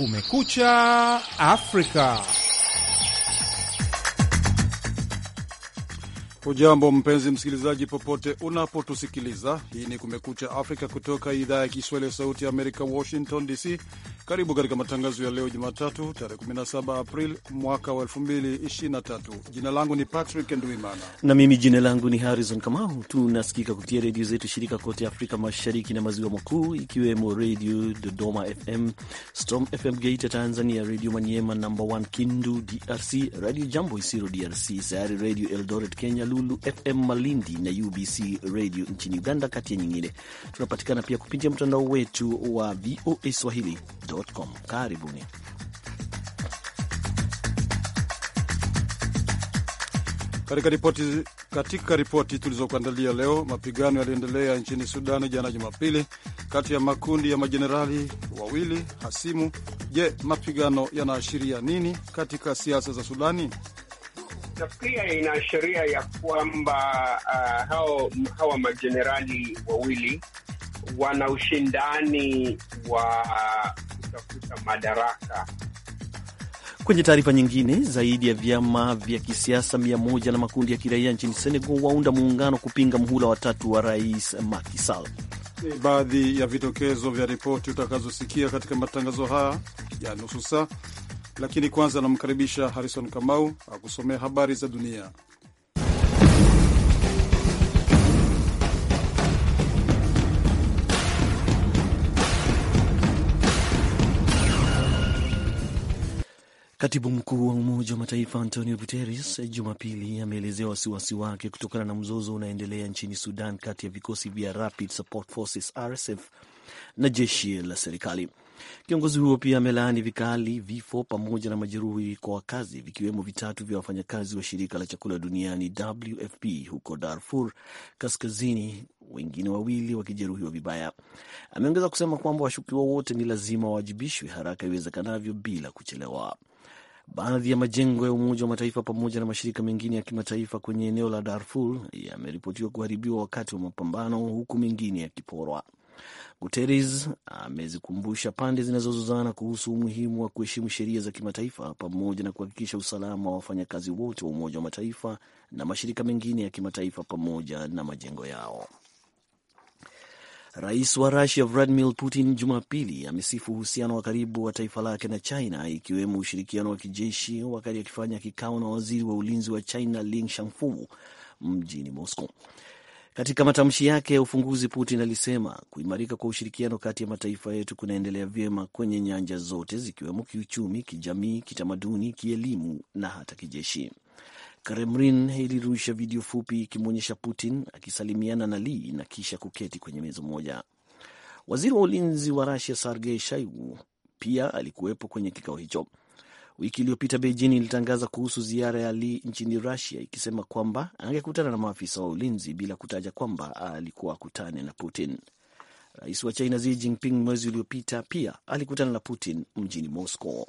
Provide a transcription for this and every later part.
Kumekucha Afrika. Ujambo mpenzi msikilizaji, popote unapotusikiliza. Hii ni Kumekucha Afrika kutoka idhaa ya Kiswahili ya Sauti ya Amerika, Washington DC. Karibu katika matangazo ya leo Jumatatu, tarehe 17 Aprili mwaka wa 2023. Jina langu ni Patrick Ndwimana na mimi jina langu ni Harrison Kamau. Tunasikika kupitia redio zetu shirika kote Afrika Mashariki na Maziwa Makuu, ikiwemo Redio Dodoma FM, Storm FM Geita Tanzania, Redio Manyema namba 1 Kindu DRC, Radio Jambo Isiro DRC, Sayari Radio Eldoret Kenya, Lulu FM Malindi na UBC Radio nchini Uganda, kati ya nyingine. Tunapatikana pia kupitia mtandao wetu wa VOA Swahili.com. Karibuni. Katika ripoti katika ripoti tulizokuandalia leo, mapigano yaliendelea nchini Sudani jana Jumapili, kati ya makundi ya majenerali wawili hasimu. Je, mapigano yanaashiria nini katika siasa za Sudani? na pia inaashiria ya kwamba uh, hao hawa majenerali wawili wana ushindani wa kutafuta uh, madaraka. Kwenye taarifa nyingine, zaidi ya vyama vya kisiasa mia moja na makundi ya kiraia nchini Senegal waunda muungano kupinga muhula watatu wa rais Macky Sall. Ni baadhi ya vidokezo vya ripoti utakazosikia katika matangazo haya ya nusu saa lakini kwanza anamkaribisha Harrison Kamau akusomea habari za dunia. Katibu mkuu wa Umoja wa Mataifa Antonio Guterres Jumapili ameelezea wasiwasi wake kutokana na mzozo unaoendelea nchini Sudan kati ya vikosi vya Rapid Support Forces RSF na jeshi la serikali. Kiongozi huo pia amelaani vikali vifo pamoja na majeruhi kwa wakazi, vikiwemo vitatu vya wafanyakazi wa shirika la chakula duniani WFP huko Darfur Kaskazini, wengine wawili wakijeruhiwa vibaya. Ameongeza kusema kwamba washukiwa wote ni lazima wawajibishwe haraka iwezekanavyo bila kuchelewa. Baadhi ya majengo ya Umoja wa Mataifa pamoja na mashirika mengine ya kimataifa kwenye eneo la Darfur yameripotiwa kuharibiwa wakati wa mapambano, huku mengine yakiporwa. Guterres amezikumbusha pande zinazozozana kuhusu umuhimu wa kuheshimu sheria za kimataifa pamoja na kuhakikisha usalama wa wafanyakazi wote wa Umoja wa Mataifa na mashirika mengine ya kimataifa pamoja na majengo yao. Rais wa Rusia Vladimir Putin Jumapili amesifu uhusiano wa karibu wa taifa lake na China, ikiwemo ushirikiano wa kijeshi, wakati akifanya kikao na waziri wa ulinzi wa China Ling Shangfu mjini Moscow. Katika matamshi yake ya ufunguzi, Putin alisema kuimarika kwa ushirikiano kati ya mataifa yetu kunaendelea vyema kwenye nyanja zote zikiwemo kiuchumi, kijamii, kitamaduni, kielimu na hata kijeshi. Kremlin ilirusha video fupi ikimwonyesha Putin akisalimiana na lii na kisha kuketi kwenye meza moja. Waziri wa ulinzi wa Rusia Sergei Shoigu pia alikuwepo kwenye kikao hicho. Wiki iliyopita Beijing ilitangaza kuhusu ziara ya Li nchini Rusia ikisema kwamba angekutana na maafisa wa ulinzi bila kutaja kwamba alikuwa akutane na Putin. Rais wa China Xi Jinping mwezi uliopita pia alikutana na Putin mjini Moscow.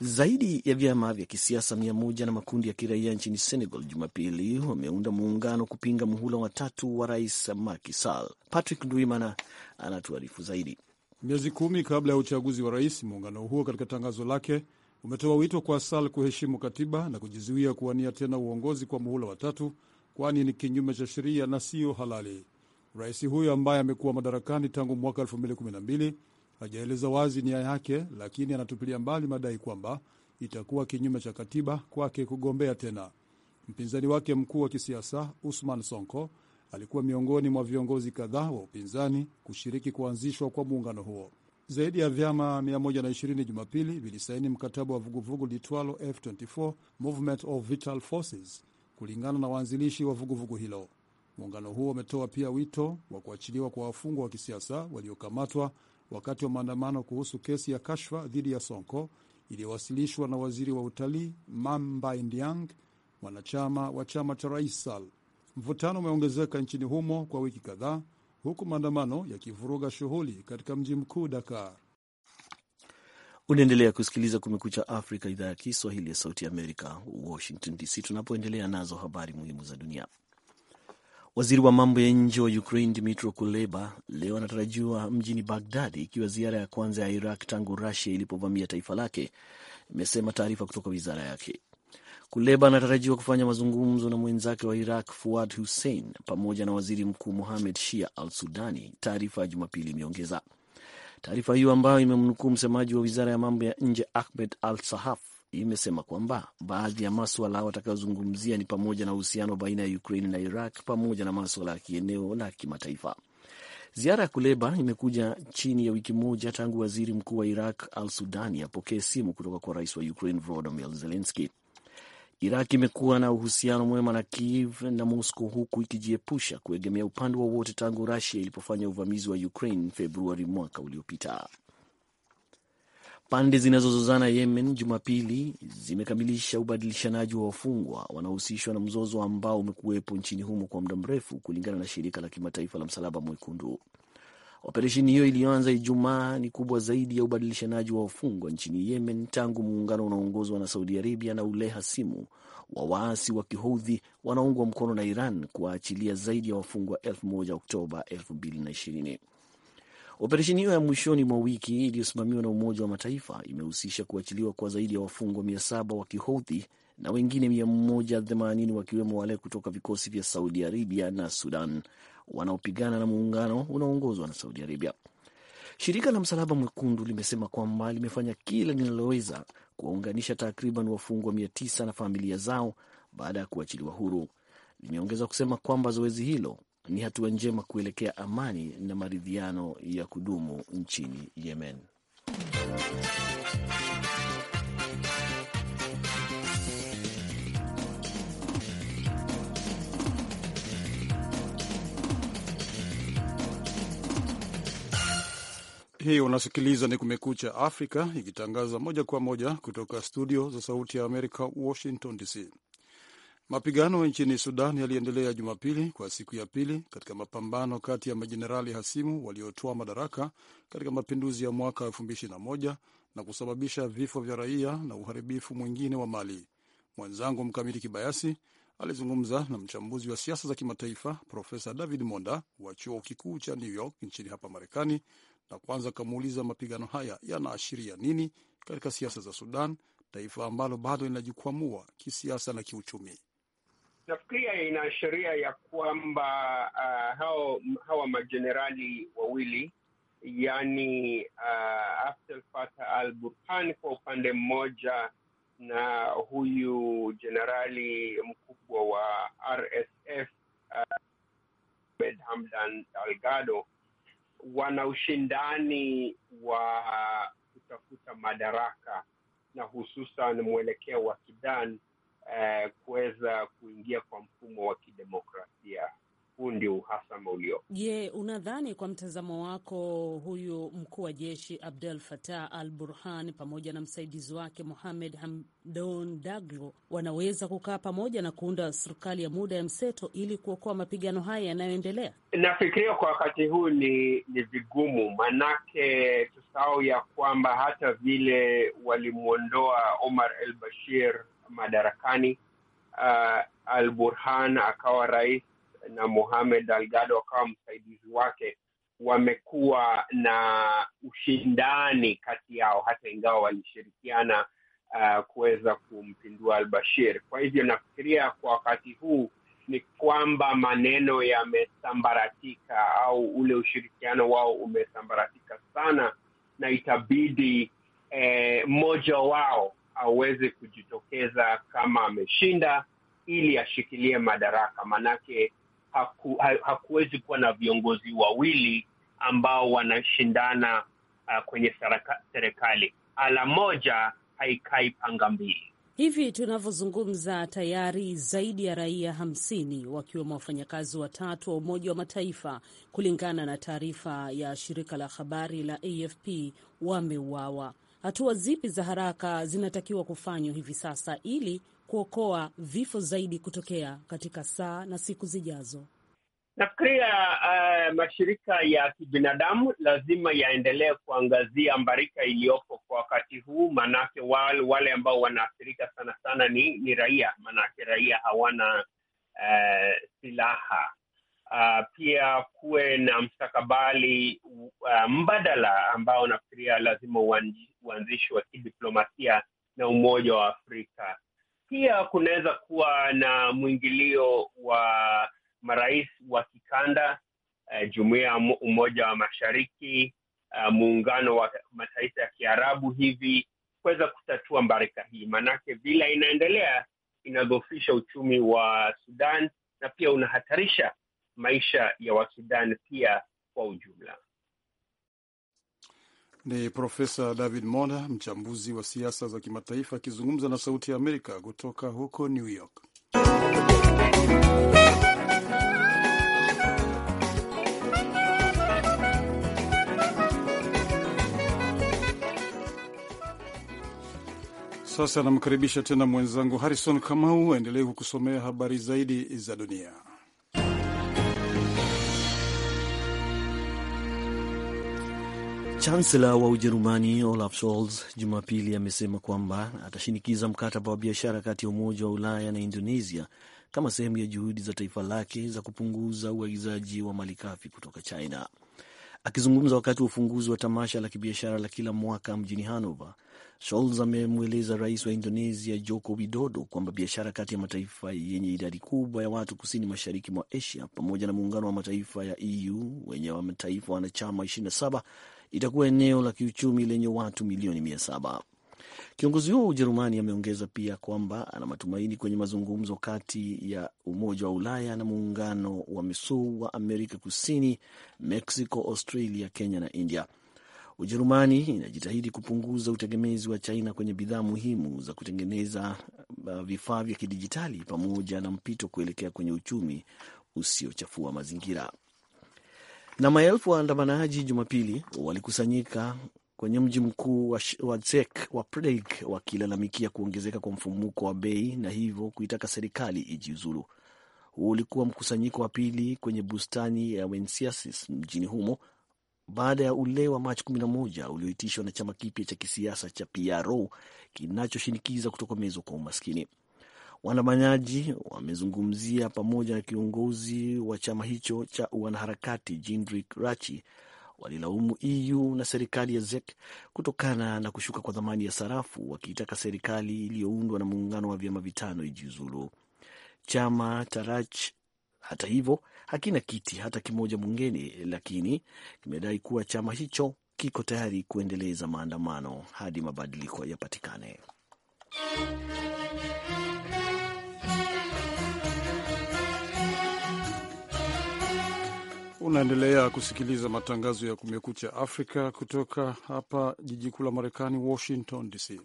Zaidi ya vyama vya kisiasa mia moja na makundi ya kiraia nchini Senegal Jumapili wameunda muungano kupinga muhula watatu wa rais Macky Sall. Patrick Ndwimana anatuarifu zaidi. Miezi kumi kabla ya uchaguzi wa rais, muungano huo katika tangazo lake umetoa wito kwa Sal kuheshimu katiba na kujizuia kuwania tena uongozi kwa muhula watatu kwani ni kinyume cha sheria na siyo halali. Rais huyo ambaye amekuwa madarakani tangu mwaka 2012 hajaeleza wazi nia yake, lakini anatupilia mbali madai kwamba itakuwa kinyume cha katiba kwake kugombea tena. Mpinzani wake mkuu wa kisiasa Usman Sonko alikuwa miongoni mwa viongozi kadhaa wa upinzani kushiriki kuanzishwa kwa muungano huo. Zaidi ya vyama 120 Jumapili vilisaini mkataba wa vuguvugu litwalo F24 Movement of Vital Forces, kulingana na waanzilishi wa vuguvugu hilo. Muungano huo umetoa pia wito wa kuachiliwa kwa wafungwa wa kisiasa waliokamatwa wakati wa maandamano kuhusu kesi ya kashfa dhidi ya Sonko iliyowasilishwa na waziri wa utalii Mamba Ndiang, mwanachama wa chama cha Rais Sal. Mvutano umeongezeka nchini humo kwa wiki kadhaa, huku maandamano yakivuruga shughuli katika mji mkuu Dakar. Unaendelea kusikiliza Kumekucha Afrika, idhaa ya Kiswahili ya Sauti Amerika, Washington DC, tunapoendelea nazo habari muhimu za dunia. Waziri wa mambo ya nje wa Ukraine Dmitro Kuleba leo anatarajiwa mjini Bagdad, ikiwa ziara ya kwanza ya Iraq tangu Rusia ilipovamia taifa lake, imesema taarifa kutoka wizara yake. Kuleba anatarajiwa kufanya mazungumzo na mwenzake wa Iraq Fuad Hussein pamoja na waziri mkuu Muhamed Shia al Sudani, taarifa ya Jumapili imeongeza. Taarifa hiyo ambayo imemnukuu msemaji wa wizara ya mambo ya nje Ahmed al Sahaf imesema kwamba baadhi ya maswala watakayozungumzia ni pamoja na uhusiano baina ya Ukraine na Iraq pamoja na maswala ya kieneo na kimataifa. Ziara ya Kuleba imekuja chini ya wiki moja tangu waziri mkuu wa Iraq al Sudani apokee simu kutoka kwa rais wa Ukraine Volodymyr Zelensky. Iraq imekuwa na uhusiano mwema na Kiev na Moscow huku ikijiepusha kuegemea upande wowote tangu Rusia ilipofanya uvamizi wa Ukraine Februari mwaka uliopita. Pande zinazozozana Yemen Jumapili zimekamilisha ubadilishanaji wa wafungwa wanaohusishwa na mzozo ambao umekuwepo nchini humo kwa muda mrefu, kulingana na shirika la kimataifa la Msalaba Mwekundu. Operesheni hiyo iliyoanza Ijumaa ni kubwa zaidi ya ubadilishanaji wa wafungwa nchini Yemen tangu muungano unaoongozwa na Saudi Arabia na ule hasimu wa waasi wa Kihoudhi wanaungwa mkono na Iran kuwaachilia zaidi ya wafungwa elfu moja Oktoba 2020. Operesheni hiyo ya mwishoni mwa wiki iliyosimamiwa na Umoja wa Mataifa imehusisha kuachiliwa kwa zaidi ya wafungwa 700 wa Kihoudhi na wengine 180 wakiwemo wale kutoka vikosi vya Saudi Arabia na Sudan wanaopigana na muungano unaoongozwa na Saudi Arabia. Shirika la Msalaba Mwekundu limesema kwamba limefanya kila linaloweza kuwaunganisha takriban wafungwa mia tisa na familia zao baada ya kuachiliwa huru. Limeongeza kusema kwamba zoezi hilo ni hatua njema kuelekea amani na maridhiano ya kudumu nchini Yemen. Hii unasikiliza ni Kumekucha Afrika ikitangaza moja kwa moja kutoka studio za Sauti ya Amerika, Washington DC. Mapigano nchini Sudan yaliendelea Jumapili kwa siku ya pili katika mapambano kati ya majenerali hasimu waliotoa madaraka katika mapinduzi ya mwaka 2021 na kusababisha vifo vya raia na uharibifu mwingine wa mali. Mwenzangu Mkamiti Kibayasi alizungumza na mchambuzi wa siasa za kimataifa Profesa David Monda wa chuo kikuu cha New York nchini hapa Marekani na kwanza akamuuliza mapigano haya yanaashiria nini katika siasa za Sudan, taifa ambalo bado linajikwamua kisiasa na kiuchumi. Nafikiria inaashiria ya kwamba uh, hao, hawa majenerali wawili yani uh, Abdel Fattah al Burhan kwa upande mmoja na huyu jenerali mkubwa wa RSF uh, Ahmed Hamdan Dagalo wana ushindani wa kutafuta madaraka na hususan mwelekeo wa Sudan eh, kuweza kuingia kwa mfumo wa kidemokrasia huu ndio uhasama ulio. Je, unadhani kwa mtazamo wako huyu mkuu wa jeshi Abdel Fattah al Burhan pamoja na msaidizi wake Mohamed Hamdon Daglo wanaweza kukaa pamoja na kuunda serikali ya muda ya mseto ili kuokoa mapigano haya yanayoendelea? Nafikiria kwa wakati huu ni ni vigumu, manake tusahau ya kwamba hata vile walimwondoa Omar al Bashir madarakani, uh, al Burhan akawa rais na Mohamed Delgado akawa msaidizi wake wamekuwa na ushindani kati yao, hata ingawa walishirikiana uh, kuweza kumpindua al-Bashir. Kwa hivyo nafikiria kwa wakati huu ni kwamba maneno yamesambaratika au ule ushirikiano wao umesambaratika sana, na itabidi eh, mmoja eh, wao aweze kujitokeza kama ameshinda, ili ashikilie madaraka, manake haku, ha, hakuwezi kuwa na viongozi wawili ambao wanashindana uh, kwenye serikali. Ala moja haikai panga mbili. Hivi tunavyozungumza tayari zaidi ya raia hamsini wakiwemo wafanyakazi watatu wa Umoja wa Mataifa, kulingana na taarifa ya shirika la habari la AFP, wameuawa. Hatua zipi za haraka zinatakiwa kufanywa hivi sasa ili kuokoa vifo zaidi kutokea katika saa na siku zijazo? Nafikiria uh, mashirika ya kibinadamu lazima yaendelee kuangazia mbarika iliyopo kwa wakati huu, maanake wale, wale ambao wanaathirika sana sana ni, ni raia, maanake raia hawana uh, silaha uh, pia kuwe na mstakabali uh, mbadala ambao nafikiria lazima uanzishwe wa kidiplomasia na Umoja wa Afrika pia kunaweza kuwa na mwingilio wa marais wa kikanda, eh, jumuia ya Umoja wa Mashariki, eh, muungano wa mataifa ya Kiarabu hivi kuweza kutatua mbarika hii, maanake vila inaendelea inadhofisha uchumi wa Sudan na pia unahatarisha maisha ya wasudan pia kwa ujumla. Ni Profesa David Monda, mchambuzi wa siasa za kimataifa, akizungumza na Sauti ya Amerika kutoka huko New York. Sasa namkaribisha tena mwenzangu Harrison Kamau aendelee kukusomea habari zaidi za dunia. Chansela wa Ujerumani Olaf Scholz Jumapili amesema kwamba atashinikiza mkataba wa biashara kati ya Umoja wa Ulaya na Indonesia kama sehemu ya juhudi za taifa lake za kupunguza uagizaji wa malighafi kutoka China. Akizungumza wakati wa ufunguzi wa tamasha la kibiashara la kila mwaka mjini Hanover, Scholz amemweleza rais wa Indonesia Joko Widodo kwamba biashara kati ya mataifa yenye idadi kubwa ya watu kusini mashariki mwa Asia pamoja na muungano wa mataifa ya EU wenye wa mataifa wanachama itakuwa eneo la kiuchumi lenye watu milioni mia saba. Kiongozi huo wa Ujerumani ameongeza pia kwamba ana matumaini kwenye mazungumzo kati ya Umoja wa Ulaya na muungano wa Misuu wa Amerika Kusini, Mexico, Australia, Kenya na India. Ujerumani inajitahidi kupunguza utegemezi wa China kwenye bidhaa muhimu za kutengeneza uh, vifaa vya kidijitali pamoja na mpito kuelekea kwenye uchumi usiochafua mazingira. Na maelfu waandamanaji Jumapili walikusanyika kwenye mji mkuu wa, wa Czech wa Prague wakilalamikia kuongezeka kwa mfumuko wa bei na hivyo kuitaka serikali ijiuzulu. Huu ulikuwa mkusanyiko wa pili kwenye bustani ya Wensiasis mjini humo baada ya ule wa Machi 11 ulioitishwa na chama kipya cha kisiasa cha PRO kinachoshinikiza kutokomezwa kwa umaskini. Waandamanaji wamezungumzia pamoja na kiongozi wa chama hicho cha wanaharakati Jindrik Rachi walilaumu EU na serikali ya ZEK kutokana na kushuka kwa thamani ya sarafu, wakiitaka serikali iliyoundwa na muungano wa vyama vitano ijiuzulu. Chama cha Rach hata hivyo hakina kiti hata kimoja bungeni, lakini kimedai kuwa chama hicho kiko tayari kuendeleza maandamano hadi mabadiliko yapatikane. Unaendelea kusikiliza matangazo ya Kumekucha Afrika kutoka hapa jiji kuu la Marekani, Washington DC.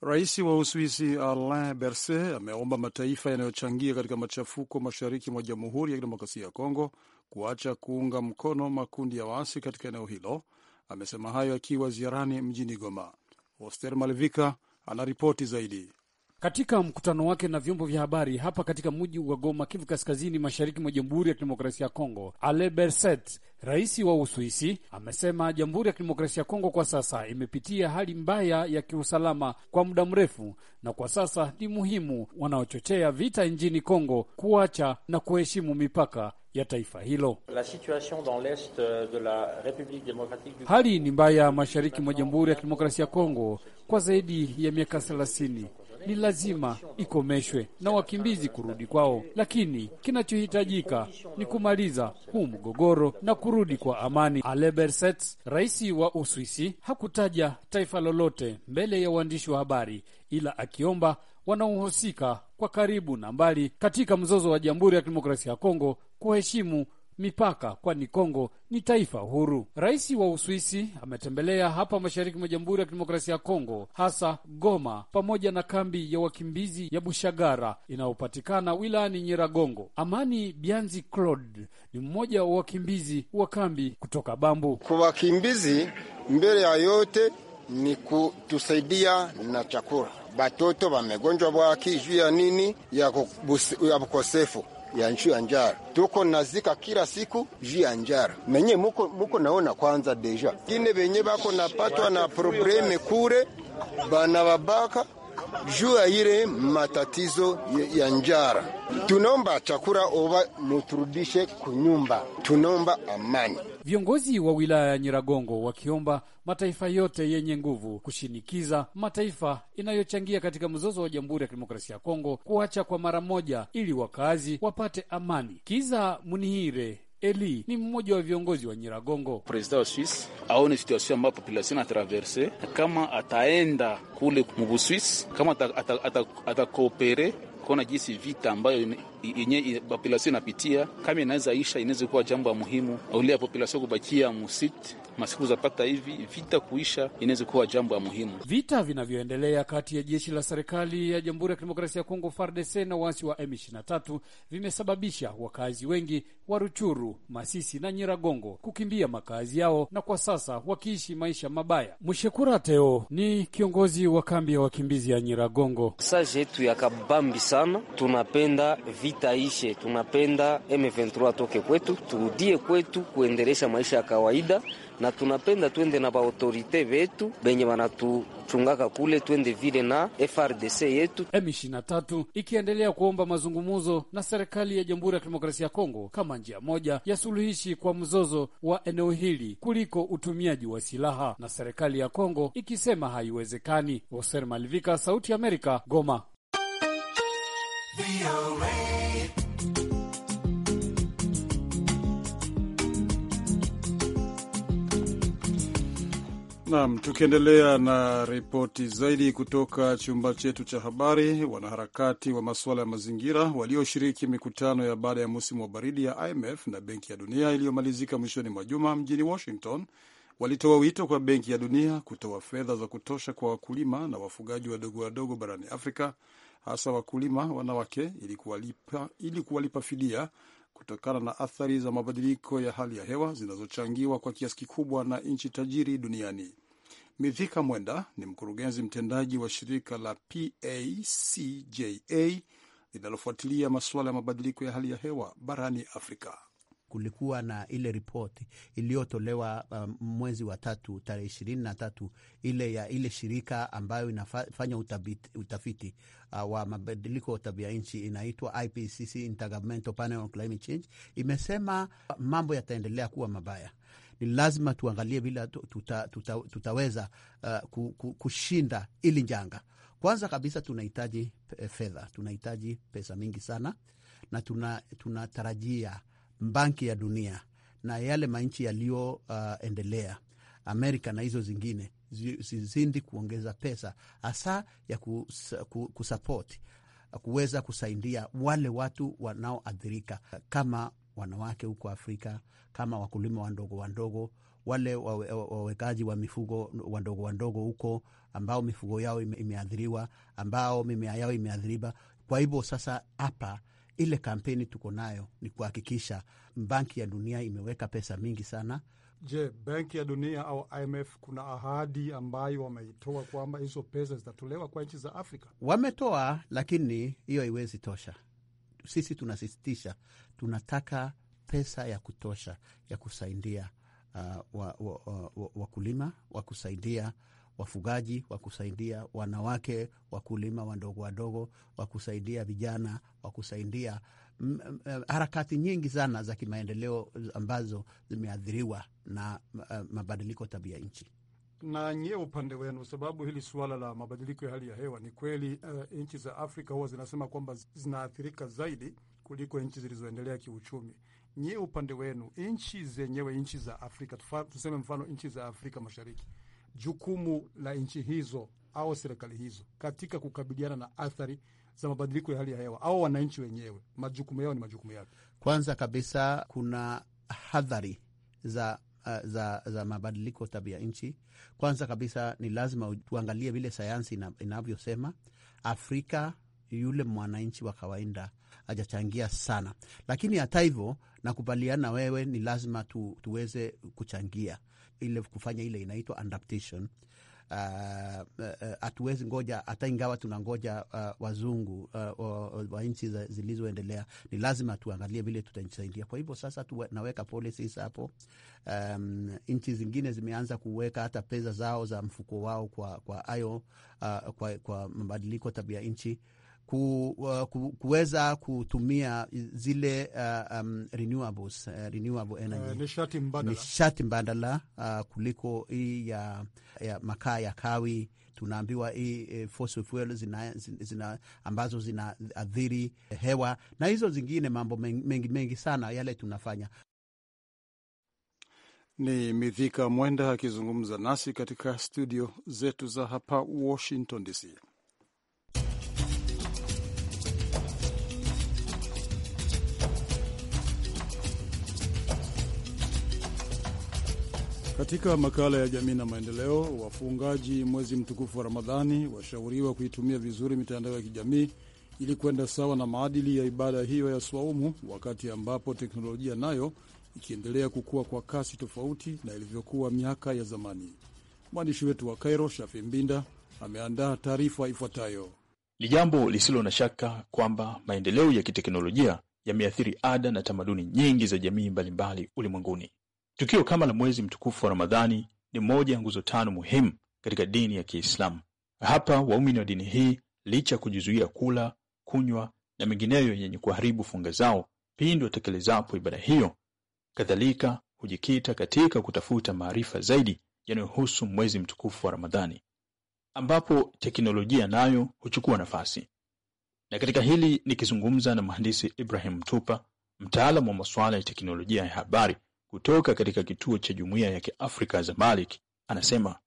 Rais wa Uswisi Alain Berset ameomba mataifa yanayochangia katika machafuko mashariki mwa Jamhuri ya Kidemokrasia ya Kongo kuacha kuunga mkono makundi ya waasi katika eneo hilo. Amesema hayo akiwa ziarani mjini Goma. Oster Malivika anaripoti zaidi. Katika mkutano wake na vyombo vya habari hapa katika mji wa Goma, Kivu Kaskazini, mashariki mwa Jamhuri ya Kidemokrasia ya Kongo, Ale Berset, rais wa Uswisi, amesema Jamhuri ya Kidemokrasia ya Kongo kwa sasa imepitia hali mbaya ya kiusalama kwa muda mrefu, na kwa sasa ni muhimu wanaochochea vita nchini Kongo kuacha na kuheshimu mipaka ya taifa hilo. La situation dans l'est de la République démocratique du... hali ni mbaya mashariki mwa Jamhuri ya Kidemokrasia ya Kongo kwa zaidi ya miaka thelathini ni lazima ikomeshwe na wakimbizi kurudi kwao, lakini kinachohitajika ni kumaliza huu mgogoro na kurudi kwa amani. Aleberset, rais wa Uswisi, hakutaja taifa lolote mbele ya waandishi wa habari, ila akiomba wanaohusika kwa karibu na mbali katika mzozo wa Jamhuri ya Kidemokrasia ya Kongo kuheshimu mipaka, kwani Kongo ni taifa huru. Rais wa Uswisi ametembelea hapa mashariki mwa Jamhuri ya Kidemokrasia ya Kongo, hasa Goma pamoja na kambi ya wakimbizi ya Bushagara inayopatikana wilayani Nyiragongo. Amani Bianzi Claude ni mmoja wa wakimbizi wa kambi kutoka Bambu. Kwa wakimbizi, mbele ya yote ni kutusaidia na chakula. Batoto wamegonjwa bwaki juu ya nini ya ukosefu ya nchi ya njara, tuko nazika kila siku juu ya njara menye muko, muko naona kwanza deja kine venye bako napatwa na probleme kure bana babaka juu ya ile matatizo ya njara. Tunaomba chakula oba muturudishe kunyumba, tunaomba amani. Viongozi wa wilaya ya Nyiragongo wakiomba mataifa yote yenye nguvu kushinikiza mataifa inayochangia katika mzozo wa Jamhuri ya Kidemokrasia ya Kongo kuacha kwa mara moja, ili wakazi wapate amani. Kiza Munihire Eli ni mmoja wa viongozi wa Nyiragongo. presida wa Swis aone situasio ambayo na traverse kama ataenda kule mubuswis, kama atakoopere ata, ata kuona jinsi vita ambayo yenye populasio inapitia, kama inaweza isha, inaweza kuwa jambo ya muhimu, aulia populasion kubakia musit masiku zapata hivi vita kuisha, inaweza kuwa jambo ya muhimu. Vita vinavyoendelea kati ya jeshi la serikali ya Jamhuri ya Kidemokrasia ya Kongo FARDC na waasi wa M23 vimesababisha wakazi wengi wa Ruchuru, Masisi na Nyiragongo kukimbia makazi yao na kwa sasa wakiishi maisha mabaya. Mshekura Teo ni kiongozi wa kambi ya wakimbizi ya Nyiragongo. Saje yetu yakabambi sana, tunapenda vita ishe, tunapenda M23 atoke kwetu, turudie kwetu kuendelesha maisha ya kawaida na tunapenda twende na baautorite vetu benye wanatuchungaka kule, twende vile na FRDC yetu. M23 ikiendelea kuomba mazungumzo na serikali ya Jamhuri ya Kidemokrasia ya Kongo kama njia moja ya suluhishi kwa mzozo wa eneo hili kuliko utumiaji wa silaha, na serikali ya Kongo ikisema haiwezekani. Oser Malivika, Sauti ya Amerika, Goma. Naam, tukiendelea na ripoti zaidi kutoka chumba chetu cha habari. Wanaharakati wa masuala ya mazingira walioshiriki mikutano ya baada ya musimu wa baridi ya IMF na Benki ya Dunia iliyomalizika mwishoni mwa juma mjini Washington walitoa wito kwa Benki ya Dunia kutoa fedha za kutosha kwa wakulima na wafugaji wadogo wadogo barani Afrika, hasa wakulima wanawake, ili kuwalipa fidia kutokana na athari za mabadiliko ya hali ya hewa zinazochangiwa kwa kiasi kikubwa na nchi tajiri duniani. Mithika Mwenda ni mkurugenzi mtendaji wa shirika la PACJA linalofuatilia masuala ya mabadiliko ya hali ya hewa barani Afrika. Kulikuwa na ile ripoti iliyotolewa um, mwezi wa tatu tarehe ishirini na tatu ile ya ile shirika ambayo inafanya utabiti, utafiti uh, wa mabadiliko ya tabia nchi inaitwa IPCC, Intergovernmental Panel on Climate Change, imesema mambo yataendelea kuwa mabaya ni lazima tuangalie vile tuta, tuta, tutaweza uh, kushinda ili janga. Kwanza kabisa tunahitaji fedha, tunahitaji pesa mingi sana, na tunatarajia tuna Banki ya Dunia na yale manchi yaliyoendelea uh, Amerika na hizo zingine zizindi kuongeza pesa hasa ya kusapoti kuweza kusaidia wale watu wanaoathirika kama wanawake huko Afrika kama wakulima wandogo wandogo wale wawekaji wa mifugo wandogo wandogo huko ambao mifugo yao imeathiriwa, ambao mimea yao imeathiriwa. Kwa hivyo sasa, hapa ile kampeni tuko nayo ni kuhakikisha Banki ya Dunia imeweka pesa mingi sana. Je, Benki ya Dunia au IMF kuna ahadi ambayo wameitoa kwamba hizo pesa zitatolewa kwa nchi za Afrika? Wametoa, lakini hiyo haiwezi tosha sisi tunasisitisha, tunataka pesa ya kutosha ya kusaidia uh, wakulima wa, wa, wa, wa kusaidia wafugaji wa kusaidia wanawake wakulima wadogo wadogo wa kusaidia vijana wa kusaidia mm, mm, uh, harakati nyingi sana za kimaendeleo ambazo zimeathiriwa na uh, mabadiliko tabia nchi na nyie upande wenu, sababu hili suala la mabadiliko ya hali ya hewa ni kweli, uh, nchi za Afrika huwa zinasema kwamba zinaathirika zaidi kuliko nchi zilizoendelea kiuchumi. Nyie upande wenu, nchi zenyewe, nchi za Afrika tuseme mfano nchi za Afrika Mashariki, jukumu la nchi hizo au serikali hizo katika kukabiliana na athari za mabadiliko ya hali ya hewa au wananchi wenyewe, majukumu yao ni majukumu yapi? Kwanza kabisa, kuna hadhari za uh, za, za mabadiliko tabia nchi. Kwanza kabisa ni lazima tuangalie vile sayansi inavyosema Afrika yule mwananchi wa kawaida hajachangia sana, lakini hata hivyo, nakubaliana wewe, ni lazima tu, tuweze kuchangia ile kufanya ile inaitwa adaptation hatuwezi uh, uh, ngoja hata ingawa tunangoja uh, wazungu uh, wa nchi zilizoendelea, ni lazima tuangalie vile tutajisaidia. Kwa hivyo sasa tunaweka policies hapo. Um, nchi zingine zimeanza kuweka hata pesa zao za mfuko wao kwa kwa ayo, uh, kwa, kwa mabadiliko tabia nchi ku, uh, ku, kuweza kutumia zile uh, um, renewables, uh, renewable uh, energy, uh, nishati mbadala, nishati mbadala uh, kuliko hii ya, ya makaa ya kawi tunaambiwa hii eh, fossil fuel zina, zina, ambazo zinaathiri hewa na hizo zingine mambo mengi mengi sana yale tunafanya. Ni Midhika Mwenda akizungumza nasi katika studio zetu za hapa Washington DC. Katika makala ya jamii na maendeleo, wafungaji mwezi mtukufu wa Ramadhani washauriwa kuitumia vizuri mitandao ya kijamii ili kwenda sawa na maadili ya ibada hiyo ya swaumu, wakati ambapo teknolojia nayo ikiendelea kukua kwa kasi tofauti na ilivyokuwa miaka ya zamani. Mwandishi wetu wa Kairo, Shafi Mbinda, ameandaa taarifa ifuatayo. Ni jambo lisilo na shaka kwamba maendeleo ya kiteknolojia yameathiri ada na tamaduni nyingi za jamii mbalimbali ulimwenguni. Tukio kama la mwezi mtukufu wa Ramadhani ni moja ya nguzo tano muhimu katika dini ya Kiislamu. Hapa waumini wa dini hii, licha ya kujizuia kula, kunywa na mengineyo yenye kuharibu funga zao pindi watekelezapo ibada hiyo, kadhalika hujikita katika kutafuta maarifa zaidi yanayohusu mwezi mtukufu wa Ramadhani, ambapo teknolojia nayo huchukua nafasi. Na katika hili nikizungumza na mhandisi Ibrahim Tupa, mtaalamu wa masuala ya teknolojia ya habari kutoka katika kituo cha jumuiya ya kiafrika Zamalik anasema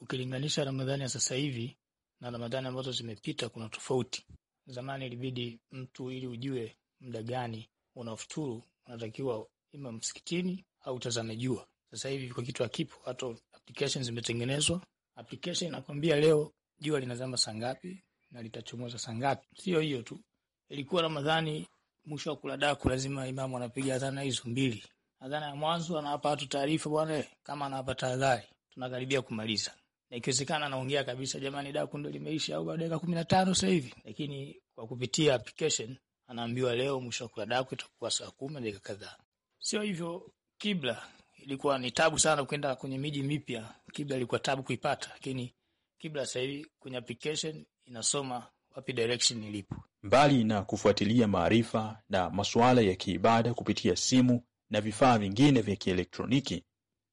ukilinganisha Ramadhani ya sasa hivi na Ramadhani ambazo zimepita kuna tofauti. Zamani ilibidi mtu ili ujue muda gani unafuturu unatakiwa ima msikitini au utazame jua. Sasa hivi kwa kitu akipo, hata application zimetengenezwa. Application inakwambia leo jua linazama saa ngapi na litachomoza saa ngapi. Sio hiyo tu, ilikuwa Ramadhani mwisho wa kula daku lazima imamu anapiga adhana hizo mbili nadhani ya mwanzo, anawapa watu taarifa, bwana kama anawapa tahadhari, tunakaribia kumaliza na ikiwezekana anaongea kabisa, jamani, daku ndo limeisha au bado ya kumi na tano sasa hivi, lakini kwa kupitia application anaambiwa leo mwisho wa kula daku itakuwa saa kumi na dakika kadhaa. Sio hivyo, kibla ilikuwa ni tabu sana kwenda kwenye miji mipya, kibla ilikuwa tabu kuipata, lakini kibla sasa hivi kwenye application inasoma wapi direction ilipo. Mbali na kufuatilia maarifa na masuala ya kiibada kupitia simu na vifaa vingine vya kielektroniki.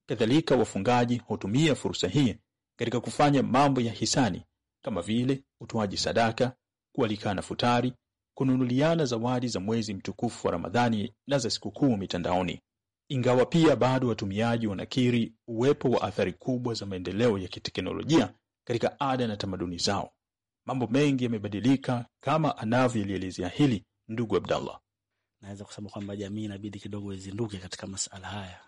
Kadhalika, wafungaji hutumia fursa hii katika kufanya mambo ya hisani kama vile utoaji sadaka, kualikana futari, kununuliana zawadi za mwezi mtukufu wa Ramadhani na za sikukuu mitandaoni, ingawa pia bado watumiaji wanakiri uwepo wa athari kubwa za maendeleo ya kiteknolojia katika ada na tamaduni zao. Mambo mengi yamebadilika, kama anavyolielezea hili ndugu Abdallah naweza kusema kwamba jamii inabidi kidogo izinduke katika masala haya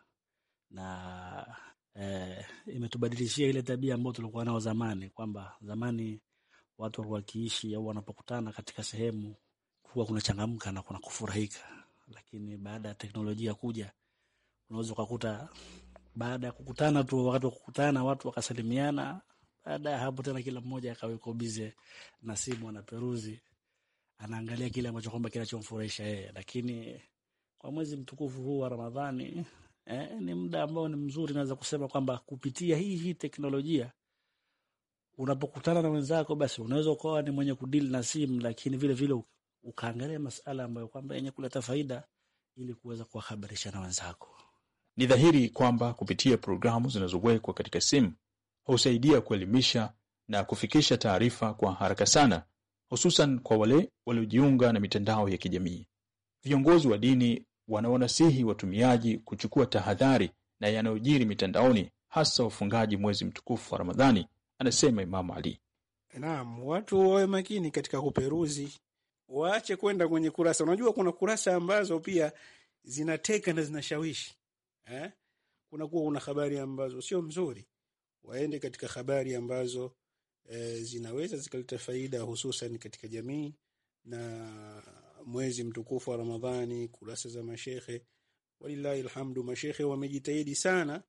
na eh, imetubadilishia ile tabia ambayo tulikuwa nao zamani, kwamba zamani watu walikuwa wakiishi au wanapokutana katika sehemu kuwa kuna changamka na kuna kufurahika, lakini baada ya teknolojia kuja, unaweza ukakuta baada ya kukutana tu, wakati wa kukutana watu wakasalimiana, baada ya hapo tena kila mmoja akawa yuko bize na simu anaperuzi anaangalia kile ambacho kwamba kinachomfurahisha yeye, lakini kwa mwezi mtukufu huu wa Ramadhani eh, ni muda ambao ni mzuri, naweza kusema kwamba kupitia hii hii teknolojia unapokutana na wenzako, basi unaweza ukawa ni mwenye kudili na simu, lakini vile vile ukaangalia masala ambayo kwamba yenye kuleta faida ili kuweza kuwahabarisha na wenzako. Ni dhahiri kwamba kupitia programu zinazowekwa katika simu husaidia kuelimisha na kufikisha taarifa kwa haraka sana hususan kwa wale waliojiunga na mitandao ya kijamii. Viongozi wa dini wanawanasihi watumiaji kuchukua tahadhari na yanayojiri mitandaoni, hasa ufungaji mwezi mtukufu wa Ramadhani, anasema Imamu Ali. Naam, watu wawe makini katika kuperuzi, waache kwenda kwenye kurasa. Unajua kuna kurasa ambazo pia zinateka na zinashawishi eh? Kunakuwa kuna habari ambazo sio mzuri, waende katika habari ambazo e, zinaweza zikaleta faida hususan katika jamii na mwezi mtukufu wa Ramadhani. Kurasa za mashekhe, walillahi alhamdu, mashekhe wamejitahidi sana,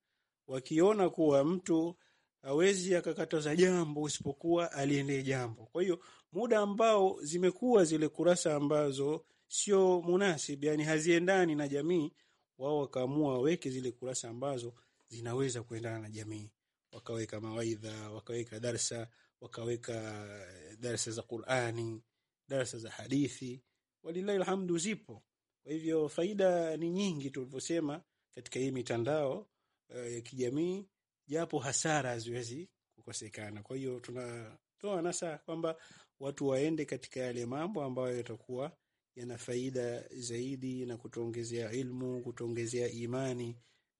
wakiona kuwa mtu hawezi akakataza jambo isipokuwa aliendee jambo. Kwa hiyo muda ambao zimekuwa zile kurasa ambazo sio munasib, yani haziendani na jamii, wao wakaamua waweke zile kurasa ambazo zinaweza kuendana na jamii, wakaweka mawaidha, wakaweka darsa wakaweka eh, darasa za Qur'ani, darasa za hadithi, walilahi alhamdu zipo. Kwa hivyo faida ni nyingi tulivyosema katika hii mitandao ya eh, ya kijamii, japo hasara haziwezi kukosekana. Kwa hiyo tunatoa nasaha kwamba watu waende katika yale mambo ambayo yatakuwa yana faida zaidi na kutuongezea ilmu, kutuongezea imani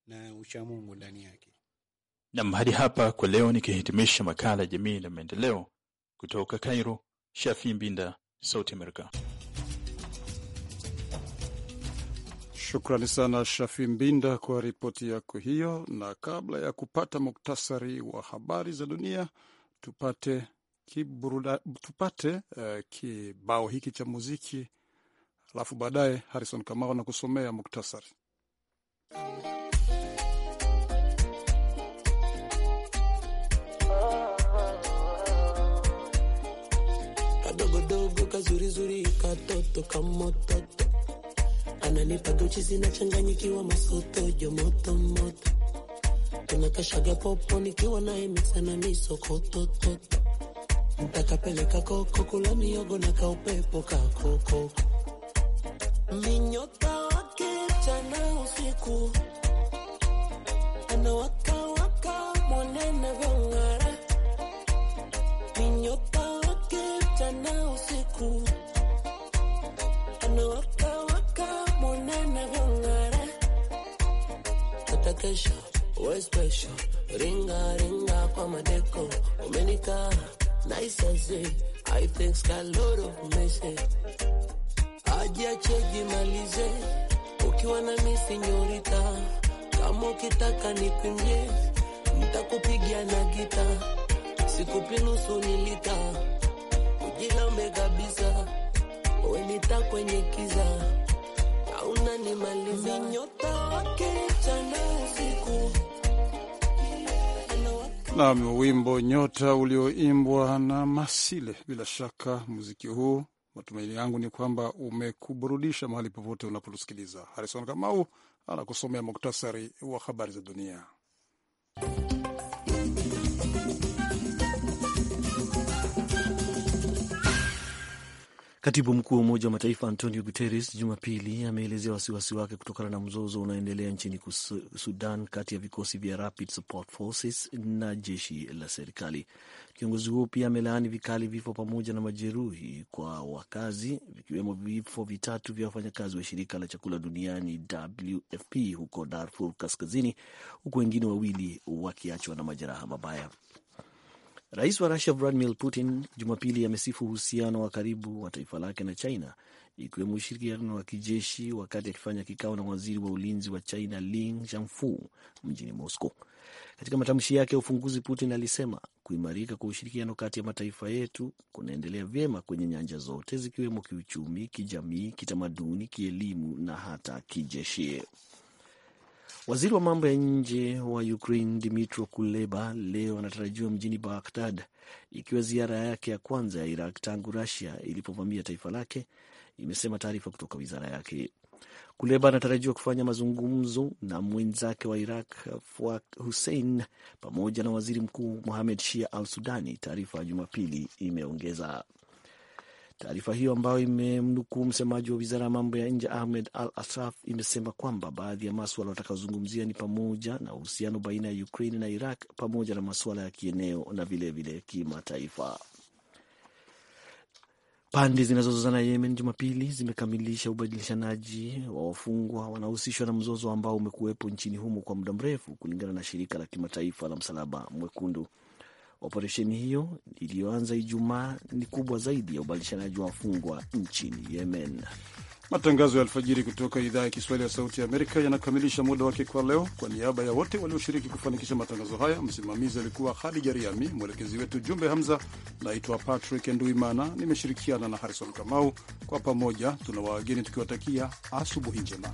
na uchamungu ndani yake. Nam, hadi hapa kwa leo, nikihitimisha makala ya jamii na maendeleo kutoka Cairo. Shafi Mbinda, Sauti america Shukrani sana Shafi Mbinda kwa ripoti yako hiyo, na kabla ya kupata muktasari wa habari za dunia, tupate kiburuda, tupate uh, kibao hiki cha muziki, alafu baadaye Harrison Kamau na kusomea muktasari zuri zuri katoto kamototo ananipa dochi zinachanganyikiwa masotojo moto tunakashaga popo nikiwa naye miksa na misokotototo ntakapeleka koko kula miogo na kaupepo kakokoko minyota wake chana usiku anawaka kesho, we special ringa ringa kwa madeko umenika nice as I think kaloro umese ajiache jimalize ukiwa na misi nyorita kama ukitaka nikwimbie nitakupigia na gita sikupi nusu nilita ujilambe kabisa wenita kwenye kiza auna nimaliza Nam wimbo nyota ulioimbwa na Masile. Bila shaka muziki huu, matumaini yangu ni kwamba umekuburudisha mahali popote unapotusikiliza. Harison Kamau anakusomea muktasari wa habari za dunia. Katibu mkuu wa Umoja wa Mataifa Antonio Guterres Jumapili ameelezea wasiwasi wake kutokana na mzozo unaoendelea nchini Sudan kati ya vikosi vya Rapid Support Forces na jeshi la serikali. Kiongozi huo pia amelaani vikali vifo pamoja na majeruhi kwa wakazi, vikiwemo vifo vitatu vya wafanyakazi wa shirika la chakula duniani WFP huko Darfur Kaskazini, huku wengine wawili wakiachwa na majeraha mabaya. Rais wa Rusia Vladimir Putin Jumapili amesifu uhusiano wa karibu wa taifa lake na China, ikiwemo ushirikiano wa kijeshi, wakati akifanya kikao na waziri wa ulinzi wa China ling Shangfu mjini Moscow. Katika matamshi yake ya ufunguzi, Putin alisema kuimarika kwa ushirikiano kati ya mataifa yetu kunaendelea vyema kwenye nyanja zote, zikiwemo kiuchumi, kijamii, kitamaduni, kielimu na hata kijeshi. Waziri wa mambo ya nje wa Ukraine Dmytro Kuleba leo anatarajiwa mjini Baghdad, ikiwa ziara yake ya kwanza ya Iraq tangu Rusia ilipovamia taifa lake, imesema taarifa kutoka wizara yake. Kuleba anatarajiwa kufanya mazungumzo na mwenzake wa Iraq Fuad Hussein pamoja na waziri mkuu Mohamed Shia al Sudani, taarifa ya Jumapili imeongeza. Taarifa hiyo ambayo imemnukuu msemaji wa wizara ya mambo ya nje Ahmed Al Asaf imesema kwamba baadhi ya maswala watakazungumzia ni pamoja na uhusiano baina ya Ukraine na Iraq pamoja na maswala ya kieneo na vilevile kimataifa. Pande zinazozozana Yemen Jumapili zimekamilisha ubadilishanaji wa wafungwa wanaohusishwa na mzozo ambao umekuwepo nchini humo kwa muda mrefu, kulingana na shirika la kimataifa la Msalaba Mwekundu. Operesheni hiyo iliyoanza Ijumaa ni kubwa zaidi ya ubadilishanaji wa wafungwa nchini Yemen. Matangazo ya alfajiri kutoka idhaa ya Kiswahili ya Sauti ya Amerika yanakamilisha muda wake kwa leo. Kwa niaba ya wote walioshiriki kufanikisha matangazo haya, msimamizi alikuwa Hadija Riami, mwelekezi wetu Jumbe Hamza. Naitwa Patrick Nduimana, nimeshirikiana na Harrison Kamau. Kwa pamoja tuna waageni tukiwatakia asubuhi njema.